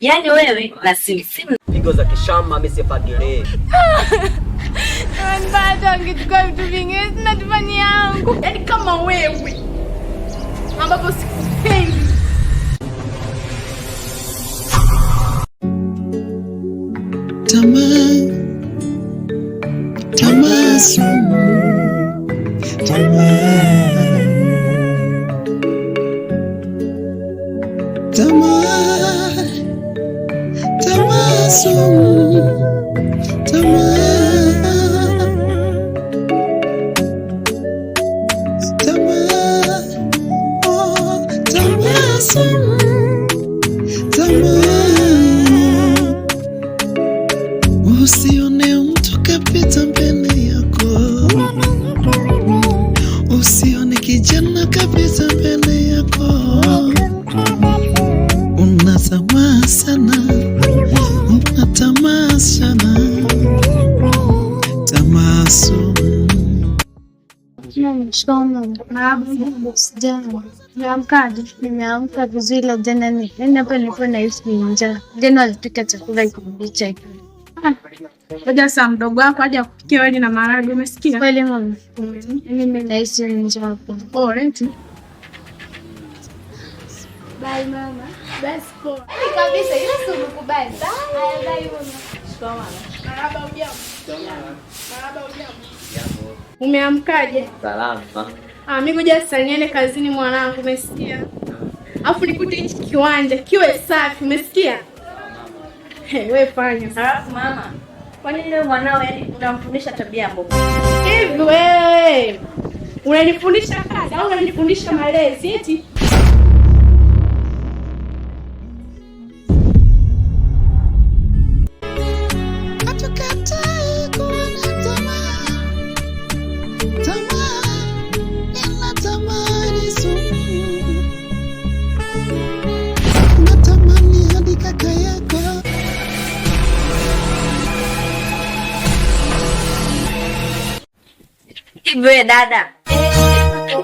Yaani wewe na simu pigo za kishamba amesifagilee bado angechukua vitu vingine zinatufani yangu, yaani kama wewe ambapo sikupendi. Tamaa, tamaa sumu Jambo, nimeamkaje? Nimeamka vizuri la jana, yaani hapa nilikuwa nahisi njaa. Jana walipika chakula kibichi. Ah, ngoja saa mdogo wako aje kupikia wali na maharagwe, umesikia? Kweli mama, yaani mimi nahisi njaa. Pole oh, Bye mama. Umeamkaje? Salama. Ah, mimi ngoja sasa niende kazini mwanangu, umesikia? Alafu nikute hichi kiwanja kiwe safi, umesikia? Hey, wewe fanya. Alafu mama, kwa nini leo mwanao yani unamfundisha tabia mbovu? Hivi wewe unanifundisha kazi au unanifundisha malezi eti? hivi wewe dada,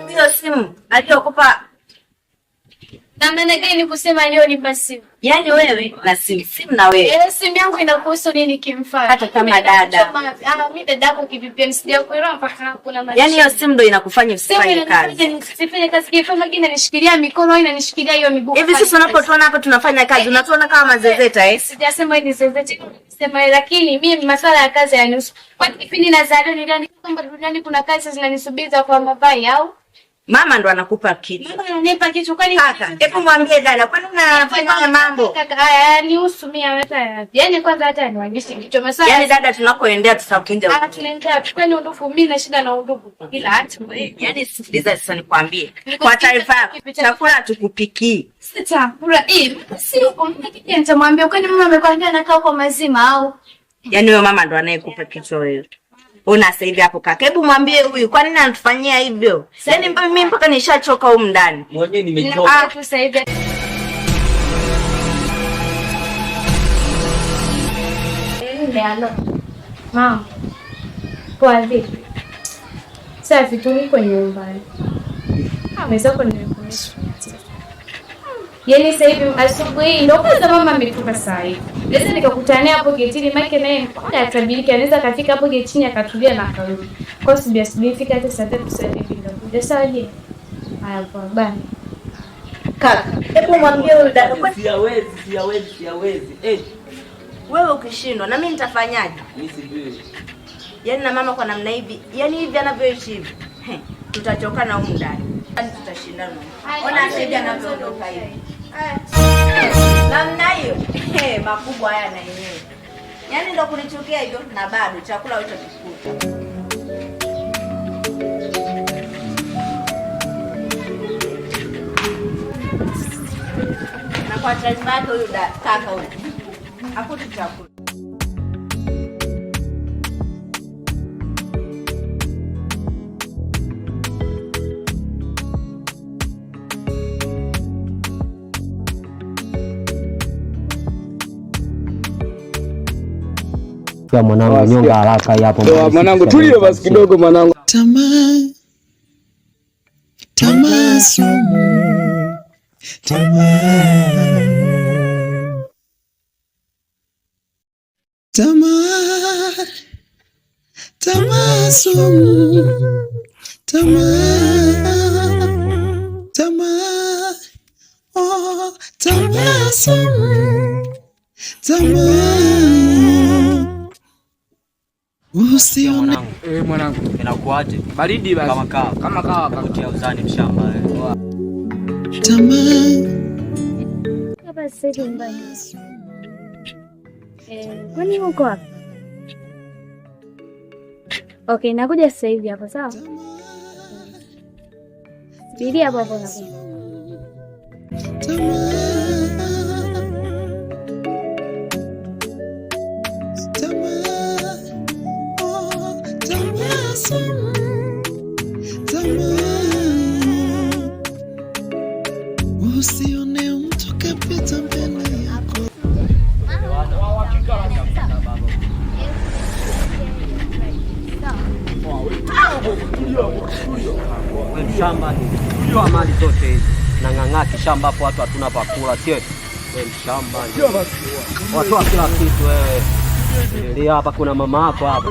hiyo simu aliyokupa namna gani kusema leo ni Yaani wewe na simu simu na wewe. Ile eh, simu yangu inakuhusu nini kimfano? Hata kama dada. Ah, mimi dada yako kivipi sijakuelewa mpaka kuna maana. Yaani hiyo simu ndio inakufanya usifanye kazi. Sifanye kazi kifanye mengine nishikilia mikono au inanishikilia hiyo miguu. Hivi sisi unapotuona hapa tunafanya kazi, eh, unatuona kama eh, mazezeta eh? Sijasema ni zezeta. Sema lakini mimi masuala ya kazi yanihusu. Kwa kipindi nazaliwa niliandika kwamba duniani kuna kazi zinanisubiri kwa mabai au Mama ndo anakupa kitu. Mama ananipa kitu kwani? Kaka, hebu mwambie dada, kwani unafanya mambo? Kaka, haya nihusu yaani mimi hata. Yaani kwanza hata niwagishe kitu masaa. Yaani dada tunakoendea tutakunja. Ah, tunaendea. Kwani undugu mimi na shida na undugu. Ila hata yaani sikiliza sasa nikwambie. Kwa taifa yako, chakula tukupikii. chakula Eh, si uko mtakija nitamwambia kwani mama amekwambia anakaa kwa mazima au? Yaani wewe mama ndo anayekupa kitu wewe una sasa hivi hapo kaka. Hebu mwambie huyu kwa nini anatufanyia hivyo? Yaani mimi mpaka nishachoka huko ndani. Mwenyewe nimechoka. Ah, tu sasa hivi Mama. Poa vipi? Safi tu niko nyumbani. Ah, mwenzako nimekumisha. Yaani sasa hivi asubuhi ndio kwanza mama ametoka saa hivi. Naweza nikakutania hapo getini, maana naye mmoja atabiriki, anaweza kafika hapo getini akatulia na akarudi. Kwa hiyo sibia sibia fika hata saa tatu saa nne nitakuja. Sawa je? Haya kwa bani. Kaka, hebu mwambie huyu dada kwa siwezi, siwezi, siwezi. Eh. Wewe ukishindwa na mimi nitafanyaje? Mimi sijui. yani, na mama kwa namna hivi, yani hivi anavyoishi hivi. Tutachokana huko ndani. Yaani tutashindana. Ona shida anavyoondoka hivi namna hiyo eh, makubwa haya na yenyewe yaani ndo kunichukia hivyo, na bado chakula hicho kikuta na kwa tazima yake huyu kaka huyu hakutu chakula Sikia mwanangu, nyonga haraka hapo mwanangu. Tulia basi kidogo mwanangu. Tamaa, tamaa sumu, tamaa, tamaa, tamaa sumu, tamaa, tamaa, oh, tamaa sumu, tamaa Usione eh, mwanangu, inakuaje? Baridi basi, kama kawa, kama kawa, uzani mshamba eh. tamaa. Kwani uko wapi? Okay, nakuja sasa hivi hapo, sawa? hapo hapo nakuja. sana tamaa, usione ndio mali zote na ng'ang'aki shamba hapo, watu hatuna pakula sie eh, shamba watoa kila kitu. Wewe eh. hapa kuna mama yako hapa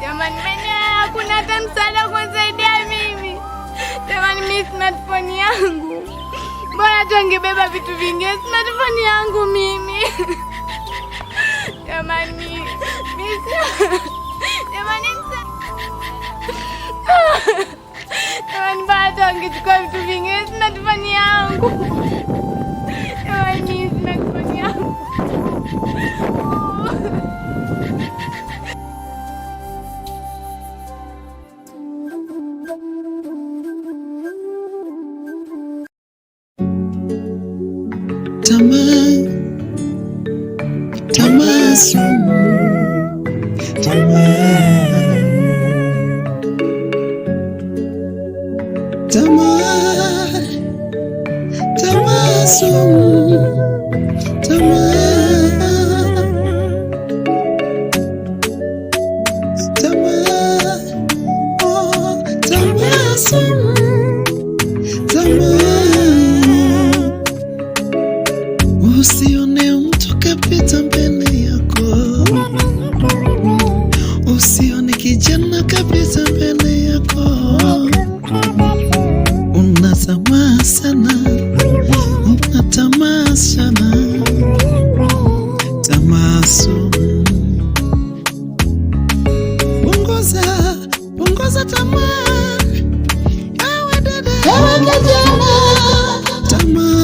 Jamani, hakuna hata msaada kunisaidia mimi. Jamani, mimi smartphone yangu. Mbona tu angebeba vitu vingine, smartphone yangu mimi. Jamani, jamani, jamani, mbona tu angechukua vitu vingine, smartphone yangu. Jamani, smartphone yangu. tamaa, tamaa sumu, tamaa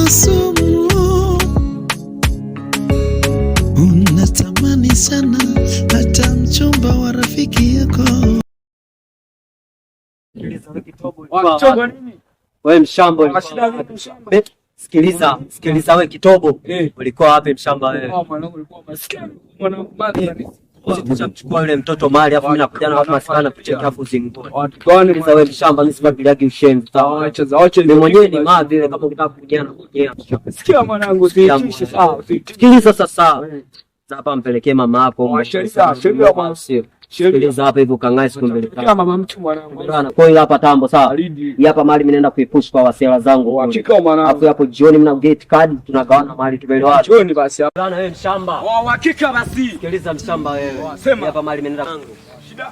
sumu. Unatamani sana hata mchumba wa rafiki yako. We mshambo, eh, sikiliza sikiliza, we kitobo, eh. ulikuwa wapi mshamba wewe? kuchukua yule mtoto mali afu mimi nakuja na kama kucheka afu zingoa. Kwani wewe mshamba mimi sibaki yake Acha acha mimi mwenyewe ni madhi ile kama ukitaka kuja na Sikia mwanangu sikishi sawa. Sikiliza sasa. Zapa mpelekee mama yako. Mwashauri sana. Sikiliza hapa hivi ukangae siku mbili tatu. Kama mama mtu mwanangu. kwa hiyo hapa tambo sawa. Hii hapa mali mimi naenda kuipush kwa wasela zangu. Hakika mwanangu. Hapo hapo jioni mna gate card tunagawana mali tumeelewana. Jioni basi. Bwana wewe mshamba. Oh, hakika basi. Sikiliza mshamba wewe. Hii hapa mali mimi Shida.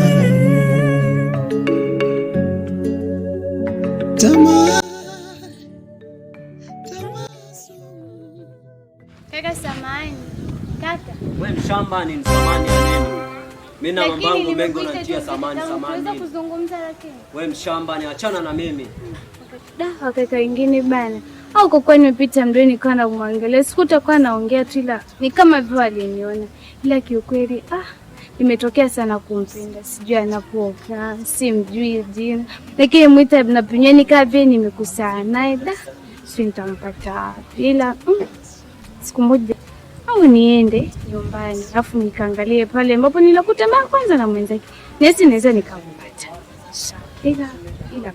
Kaka samani. Kaka. Wewe mshamba ni msamani nini? Mimi na mengi unatia samani samani. Unaweza kuzungumza lakini. Wewe mshamba ni achana na mimi. Da, kaka bana. Au kwa nimepita mdeni nikawa namwangalia. Sikutakuwa naongea tu ila ni kama vile aliniona. Ila kiukweli ah imetokea sana kumpenda, sijui anapoka, simjui jina, lakini mwita napimyeni kavye nimekusana naye da, si nitampata ila mm, siku moja au niende nyumbani alafu nikaangalie pale ambapo nilakuta mara kwanza na mwenzake, nesi naweza nikampata ila ila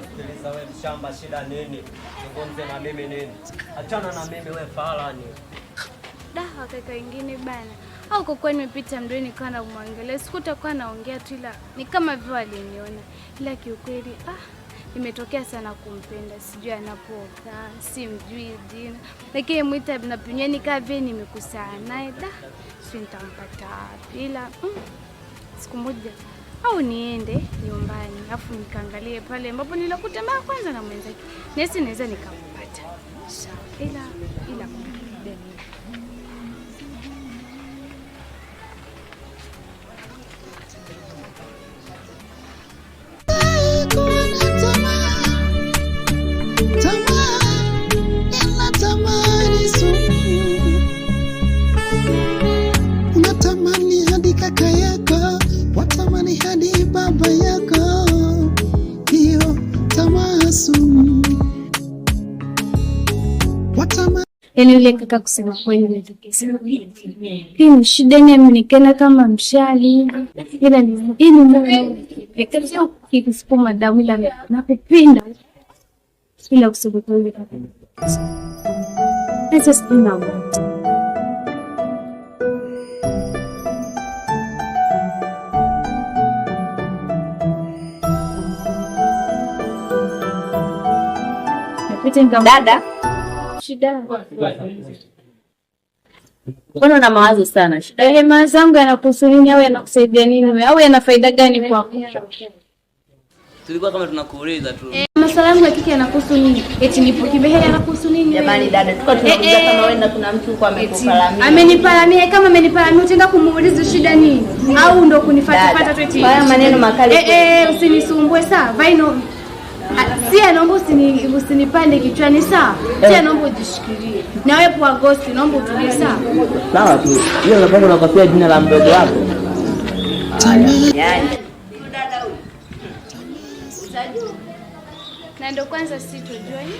unaosikiliza we mshamba, shida nini? Zungumze na mimi nini? Achana na mimi we farani. Dawa kaka ingine bana au kwa kweli nimepita mdoni nikawa namwangalia, sikutakuwa naongea tu, ila ni kama vile aliniona, ila kiukweli ah, imetokea sana kumpenda, sijui anapoka simjui jina, lakini mwita napinyeni kaa vile nimekusana naye, da si nitampata wapi, ila mm, siku moja au niende nyumbani afu nikaangalie pale ambapo nilakuta mara kwanza na mwenzake, nesi naweza nikampata sawa, ila ila yani yule kaka kusema kweli hii mshideni yaani mnikena kama mshali, ila ilikisukuma damu, ila nakupenda, ila kusema kweli dada shida? Mbona una mawazo sana? Shida ile eh, mawazo yangu yanakuhusu nini au yanakusaidia nini au yana faida gani kwako? Tulikuwa kama tunakuuliza tu. Eh, maswala yangu ya kike yanakuhusu nini? Eti nipo Kibehe yanakuhusu nini? Jamani dada, tuko eh, tunakuuliza eh, kama wewe na kuna mtu kwa amekufalamia. Ameniparamia, kama ameniparamia utaenda kumuuliza shida nini? Au ndo kunifuata fuata tu eti. Haya maneno makali. Eh, eh, usinisumbue saa. Vaino Ah, sie naomba usini, usinipande kichwani sawa. Sie eh. naomba ujishikilie. Na wewe pua gosi naomba utulie saa. Sawa tu. Hiyo unapanga unakosea jina la mdogo wako. Yaani dada huyu. Usajua. Na ndio kwanza situjui.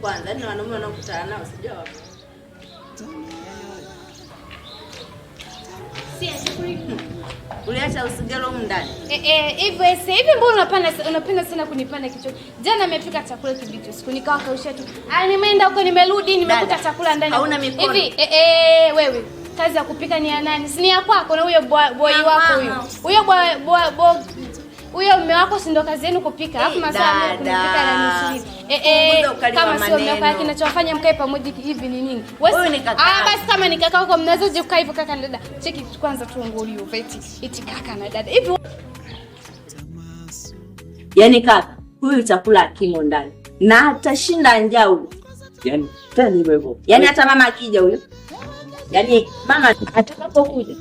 Kwanza ni wanaume wanakutana nao sijua wapo. Uliacha usigelo huko ndani. Eh eh, hivyo eh, hivi mbona unapanda unapenda sana kunipanda kichwa. Jana nimepika chakula kibichi, siku nikawa kausha tu. Ah, nimeenda huko nimerudi, nimekuta chakula ndani. Hauna mikono. Hivi eh eh, wewe kazi ya kupika ni ya nani? Si ni ya kwako na huyo boy wako huyo. Huyo boy huyo mume wako si ndo kazi yenu kupika, alafu eh, masaa kupika na nusu eh, eh, kama sio mume wako, kinachofanya mkae pamoja hivi ni nini? Wewe ni kaka. ah, basi kama ni kaka wako, je kukaa hivyo? Kaka na dada, cheki kwanza tu hiyo veti eti kaka na dada hivi, yaani kaka huyu chakula kimo ndani na atashinda njaa huyo, yaani tena hivyo hivyo, yaani hata mama akija huyo, yaani mama atakapokuja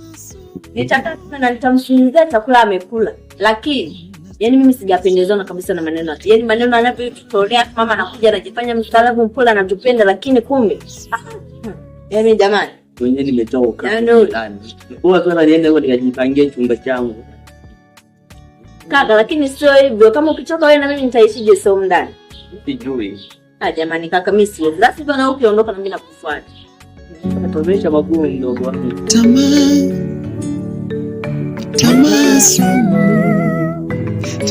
nitakata na nitamshindizia chakula amekula lakini yani mimi sijapendezana kabisa na maneno yake. Yani maneno anavyotolea mama, anakuja anajifanya mstaarabu mpole, anatupenda, lakini kumbe ah, hmm. yani jamani, mwenyewe nimetoka sana nienda nikajipangia chumba changu kaka, lakini sio hivyo. Kama ukichoka wewe na mimi nitaishije? Sio ndani, sijui ah. Jamani kaka, mimi sio basi bana, ukiondoka na mimi nakufuata, tumesha magumu tamaa Tomás, tomar,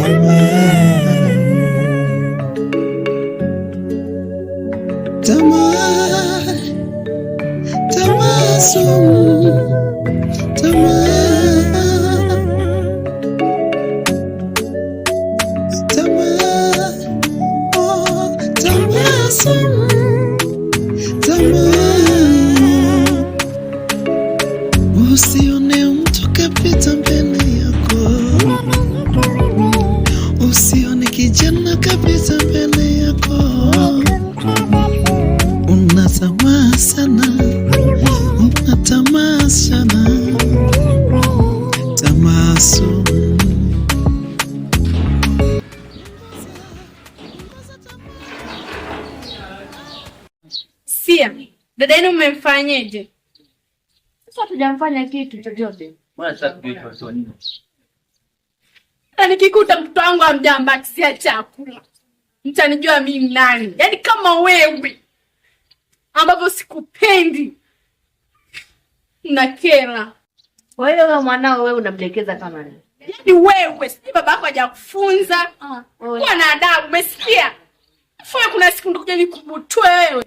tomar, Tomás, tomar, tomar, oh, Tomás, tomar. O seu neon toca pita hujamfanya kitu chochote. Nikikuta mtoto wangu amjambatizia chakula mtanijua mimi nani? Yaani kama wewe ambavyo sikupendi na nakera. Kwa hiyo wewe mwanao wewe unamdekeza kama nani? Yaani wewe si baba yako hajakufunza ah, kuwa na adabu, umesikia? Fanya kuna siku nitakuja nikubutwe wewe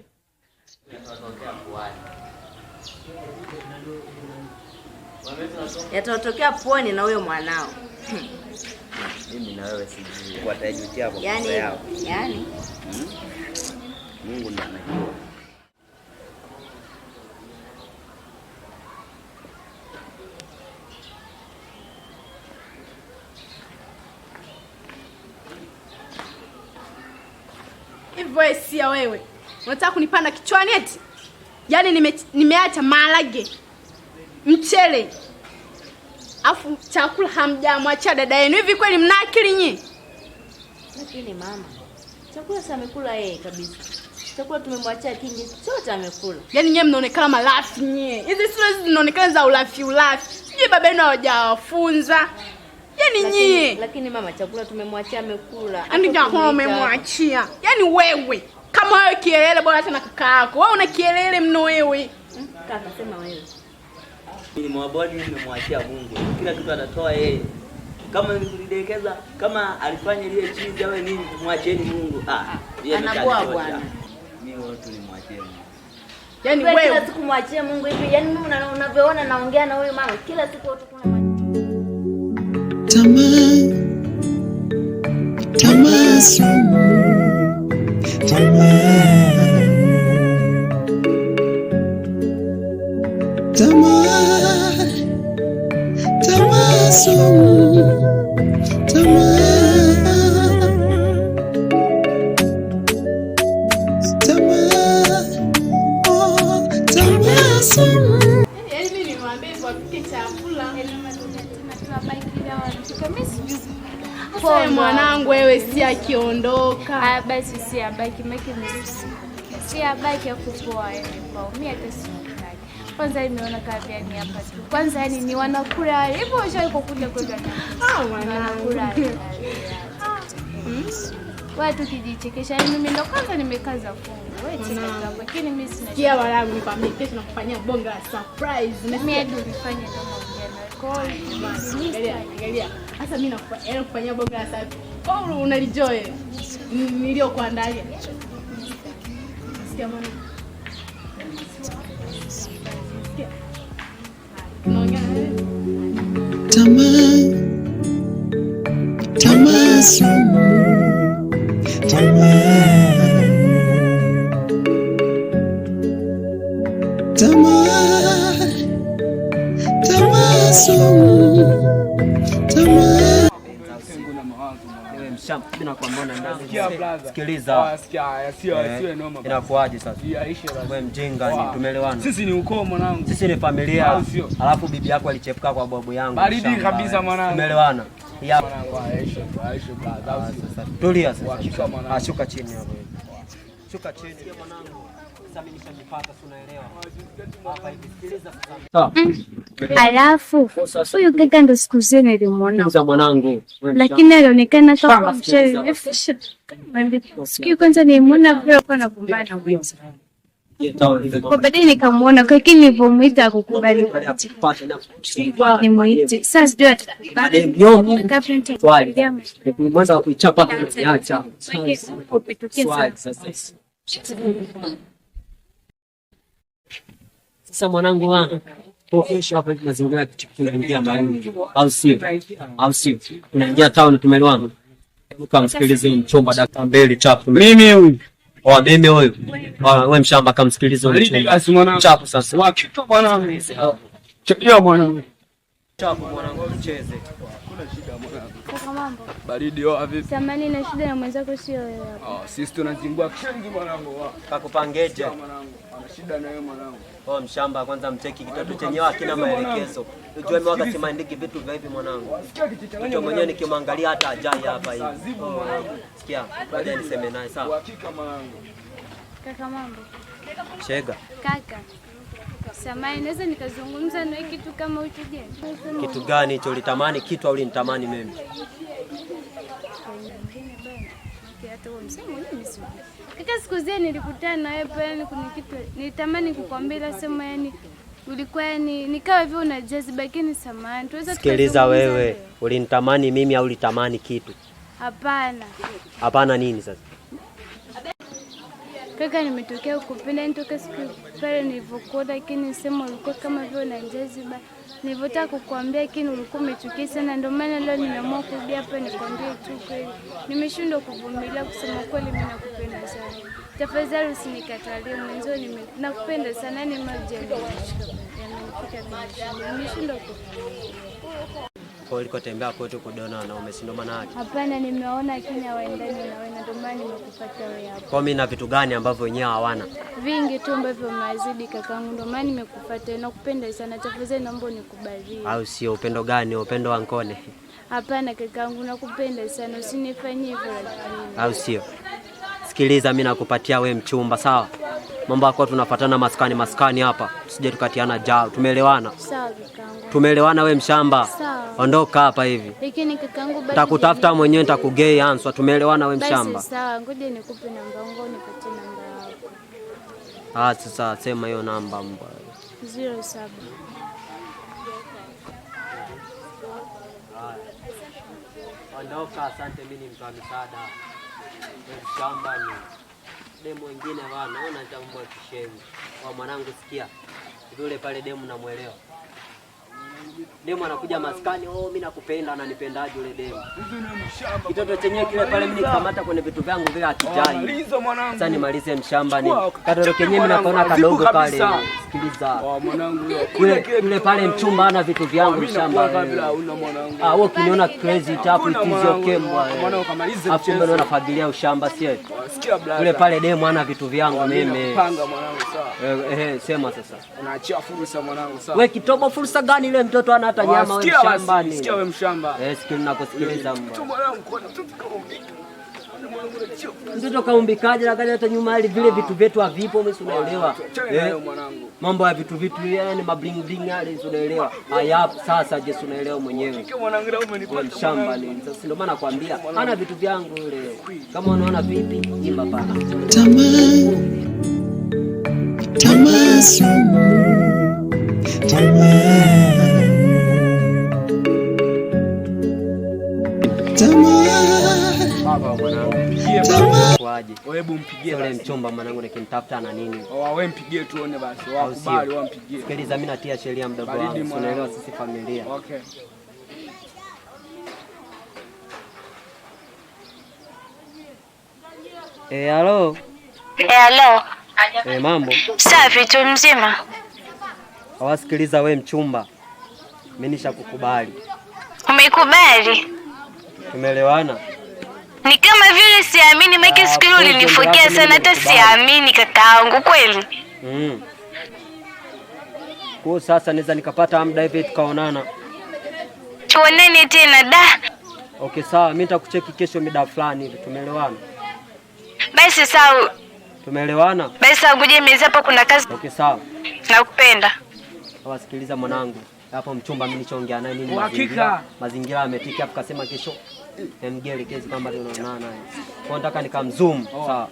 yatatokea pwani na huyo mwanao. Mimi na wewe sijui watajutia kwa yani, yao. Yani. Hmm? Mungu ndiye anajua. Hivyo sia wewe. Unataka kunipanda kichwani eti? Yaani nimeacha nime, nimeacha maharage mchele, afu chakula hamjamwachia dada yenu. Hivi kweli mna akili nyi? Lakini mama, chakula si amekula yeye kabisa. Chakula tumemwachia kingi chote amekula. Yaani nyewe mnaonekana malafi nyie. Hizi sura hizi zinaonekana za ulafi ulafi. Sijui baba yenu hawajawafunza. Yaani nyie. Lakini mama, chakula tumemwachia amekula. Yaani chakula umemwachia. Yaani wewe kama wewe kielele bora hata na kaka yako. Wewe una kielele mno wewe. Hmm? Kaka sema wewe. Nimwabudu, nimemwachia Mungu, kila kitu anatoa yeye. Kama nikulidekeza, kama alifanya ile chizi awe nini, mwacheni Mungu. Ah, ah yeye anakuwa bwana, mimi wote nimwachie Mungu. Yani wewe kila siku mwachie Mungu hivi, yani mimi unavyoona naongea na huyu mama kila siku watu kuna tamaa tamaa tamaa Mwanangu wewe, si akiondoka basi, si abaki, si abaki akupoa, mimi hata kwanza nimeona kazi yani hapa tu. Kwanza yani ni wanakura hivyo ushawahi kukuja kwenda? Ah, Watu ah. hmm? kijichekesha. Yaani mimi ndo kwanza nimekaza fungu. Wewe chekesha hapo. Lakini mimi sina. Kia wala unikwambie kesho nakufanyia bonga la surprise. Na mimi hadi nifanye kama ujana. angalia, Sasa mimi nakufanyia yaani bonga la surprise. Kwa unalijoi. Niliokuandalia. Sikia mwana. tamaa, tamaa sumu, tamaa, tamaa, tamaa sumu. Sikiliza, ah, eh, inakuaje sasa? Wewe mjinga, tumeelewana. Sisi ni ukoo mwanangu. Sisi ni familia. Alafu bibi yako alichepuka kwa babu yangu. Baridi kabisa eh. mwanangu. Tumeelewana. Ah, Tulia sasa. ashuka ah, chini hapo. Shuka chini mwanangu. Alafu huyu kaka ndo siku zenu ilimwona mwanangu, lakini alionekana siku kwanza nilimwona vile alikuwa kwa baadaye nikamwona, lakini nilivyomwita akukubali. Nimwite sasa, sijui atakubali sasa mwanangu wangu kesho hapa mazingira ya tunaingia Malinyi au sio? Au sio? Tunaingia town tumelwana. Hebu kamsikilize mchomba dakika mbili chapu. Mimi huyu. wa oh, mimi huyu. Oh, wewe mshamba kamsikilize huyu. Chapu sasa. Wakitoka mwanangu. Chapia mwanangu chako mwanangu, tucheze. Kaka mambo. Baridi oa vipi? Samani na shida na mwenzako sio wewe hapa. Ah, sisi tunazingua kingi mwanangu. Kakupangeje? ana shida na wewe mwanangu. Oh, mshamba kwanza mteki kitoto yaani chenyewe akina maelekezo. Unajua mimi wakati maandiki vitu vya hivi mwanangu. Mtoto mwenyewe nikimwangalia hata ajai hapa hivi. Oh, sikia, baadaye niseme naye sawa. Hakika mwanangu. Kaka mambo. Chega. Kaka. Samahani, naweza nikazungumza na kitu kama hicho? Je, kitu gani hicho? Ulitamani kitu au ulinitamani mimi? Kaka, siku zile nilikutana na wewe pale, kuna kitu nilitamani kukwambia, sema yani ulikuwa yani nikawa hivyo una jaziba, lakini samahani, tuweza. Sikiliza wewe, ulinitamani mimi au ulitamani kitu? Hapana. Hapana nini sasa? kaka, nimetokea kupenda ni siku pale nilivyokuwa, lakini sema ulikuwa kama vile na jaziba. Nilivyotaka kukuambia, lakini ulikuwa umechukia sana, ndio maana leo nimeamua kurudi hapa nikwambie tu kweli. Nimeshindwa kuvumilia, kusema kweli, mimi nakupenda sana. Tafadhali usinikatalie mwenzio, nakupenda sana, ni maji yameshindwa hiyo ulikotembea kote kudaona wanaume, si ndo maana yake? Hapana, nimeona Kenya waendani na wewe, ndio maana nimekufuata wewe Kwa mimi na vitu gani ambavyo wenyewe hawana? Vingi tu ambavyo mazidi kakangu, ndio maana nimekufuata. Nakupenda sana, tafadhali naomba unikubalie. Au sio? Upendo gani? Upendo wa nkone? Hapana kakangu, nakupenda sana, usinifanyie hivyo. Au sio? Sikiliza, mimi nakupatia we mchumba, sawa? mambo yako, tunafatana maskani maskani hapa, tusije tukatiana jao. Tumeelewana? Tumeelewana we mshamba, ondoka hapa hivi, nitakutafuta mwenyewe, nitakugei answa. Tumeelewana we mshamba? Ah, sasa sema hiyo namba mbwa. 07 Ondoka, asante. Mimi ni mtu wa misaada, we mshamba demu wengine wana naona nitakumbwa kishenzi kwa mwanangu. Sikia yule pale demu namuelewa demu anakuja maskani, oh, mimi nakupenda. Ananipendaje yule demu? Kitoto chenyewe kile pale, mimi nikamata kwenye vitu vyangu vile, atijai. Oh, sasa nimalize mshamba ni katoto kenyewe, mimi nakaona kadogo pale. Sikiliza oh, yule pale mchumba ana vitu vyangu mshamba. Ah, wewe ukiniona crazy tapu, tafu itizio kemwa, afu mbona unafagilia ushamba sie? Yule oh, pale demu ana vitu vyangu mimi. Panga mwanangu, sawa eh, eh, sema sasa. Unaachia fursa mwanangu, sawa wewe. Kitobo fursa gani ile mtoto ana hata nyama wewe shambani. Sikia wewe mshamba. Eh, sikia ninakusikiliza mbona. Yaani mtoto kaumbikaje na gani hata nyuma hali vile ah. vitu vyetu havipo mimi unaelewa. Ah, eh, mambo ya vitu vitu yani mabling bling yale unaelewa. Haya sasa je unaelewa mwenyewe. mwanangu, leo Mshamba ni sasa ndio maana nakwambia ana vitu vyangu yule. Kama unaona vipi jimba pana. Tamaa. Tamaa. Tamaa. Hebu mpigie yule mchomba mwanangu, nikimtafuta na nini? Wewe mpigie tuone basi, wakubali wao Sikiliza, mimi natia sheria mdogo wangu, unaelewa sisi familia. Okay. Eh, halo. Eh, halo. Eh, mambo. Safi tu mzima. Hawasikiliza wewe mchumba. Mimi nishakukubali. Umekubali? Tumeelewana? Ni kama vile siamini, maana ah, siku ile ulinifukia sana, hata siamini kaka kakaangu, kweli mm. Kwa sasa naweza nikapata muda hivi tukaonana, Tuoneni tena da. Okay, sawa, mimi nitakucheki kesho mida fulani hivi, tumeelewana? Basi sawa, tumeelewana. Basi anguje meza hapa, kuna kazi. Okay, sawa, nakupenda. Sawa, sikiliza mwanangu, hapo mchumba mimi nichoongea naye nini, mazingira mazingira ametiki hapo, kasema kesho Nikamgia yaani kwamba tunaonana. Kwa nataka nikamzoom. Sawa.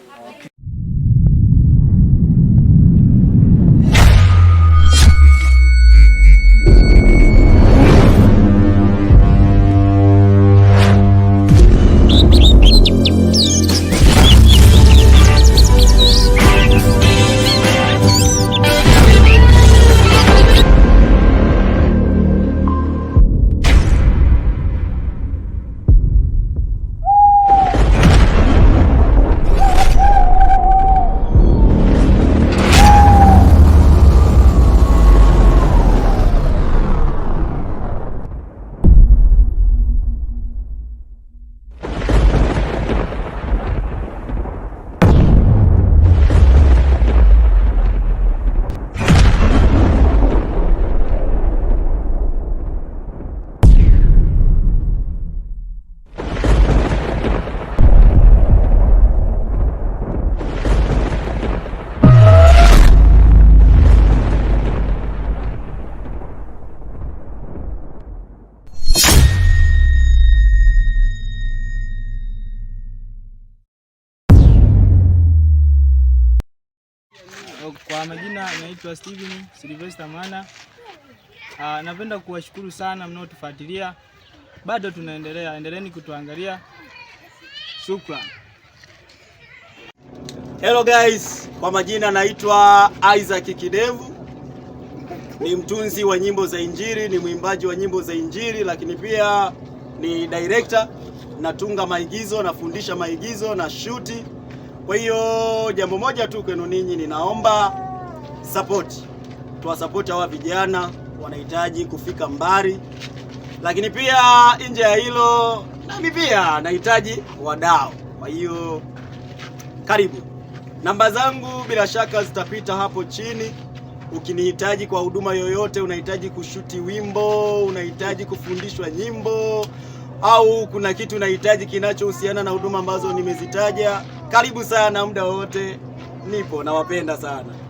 naitwa Steven Silvester Mana. Uh, napenda kuwashukuru sana mnaotufuatilia, bado tunaendelea, endeleeni kutuangalia. Shukran. Hello guys, kwa majina naitwa Isaac Kidevu, ni mtunzi wa nyimbo za Injili, ni mwimbaji wa nyimbo za Injili, lakini pia ni director, natunga maigizo, nafundisha maigizo na shuti. Kwa hiyo jambo moja tu kwenu ninyi, ninaomba support, support hawa vijana wanahitaji kufika mbali, lakini pia nje ya hilo, nami pia nahitaji wadau. Kwa hiyo karibu, namba zangu bila shaka zitapita hapo chini. Ukinihitaji kwa huduma yoyote, unahitaji kushuti wimbo, unahitaji kufundishwa nyimbo, au kuna kitu unahitaji kinachohusiana na huduma ambazo nimezitaja, karibu sana, muda wowote nipo. Nawapenda sana.